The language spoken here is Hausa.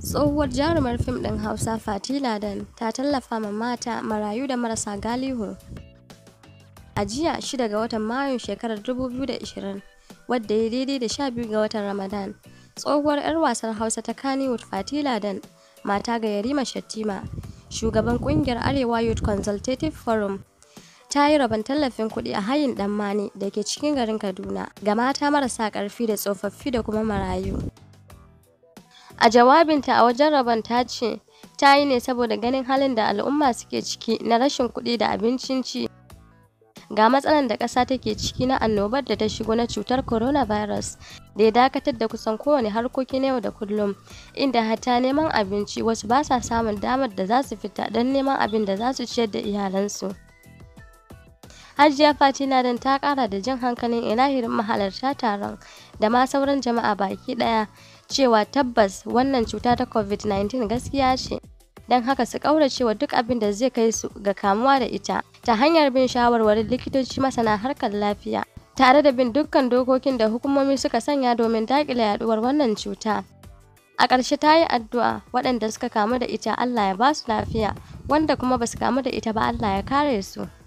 Tsohuwar jarumar fim ɗin Hausa Fati Ladan ta tallafa ma mata marayu da marasa galihu. A jiya 6 ga watan Mayun shekarar 2020, wadda ya daidai da 12 ga watan Ramadan, tsohuwar 'yar wasan Hausa ta Kannywood Fati Ladan, mata ga Yarima Shattima, shugaban kungiyar Arewa Youth Consultative Forum, ta yi rabon tallafin kuɗi a hayin ɗan mani da ke cikin garin Kaduna ga mata marasa ƙarfi da tsofaffi da kuma marayu. A jawabinta a wajen rabon ta ce ta yi ne saboda ganin halin da al'umma suke ciki na rashin kuɗi da abincin ci. Ga matsalar da ƙasa take ciki na annobar da ta shigo na cutar coronavirus da ya dakatar da kusan kowane harkoki na yau da kullum, inda hata neman abinci wasu ba sa samun damar da za su fita don neman abin da za su ciyar da iyalansu. Hajiya Fati dan ta kara da jin hankalin ilahirin mahalarta taron da ma sauran jama'a baki daya cewa tabbas wannan cuta ta COVID-19 gaskiya ce. Don haka su kauracewa duk abin da zai kai su ga kamuwa da ita ta hanyar bin shawarwarin likitoci masana harkar lafiya tare da bin dukkan dokokin da hukumomi suka sanya domin daƙile yaduwar wannan cuta. a ƙarshe ta yi addu'a waɗanda suka kamu da ita Allah ya ba su lafiya wanda kuma ba su kamu da ita ba Allah ya kare su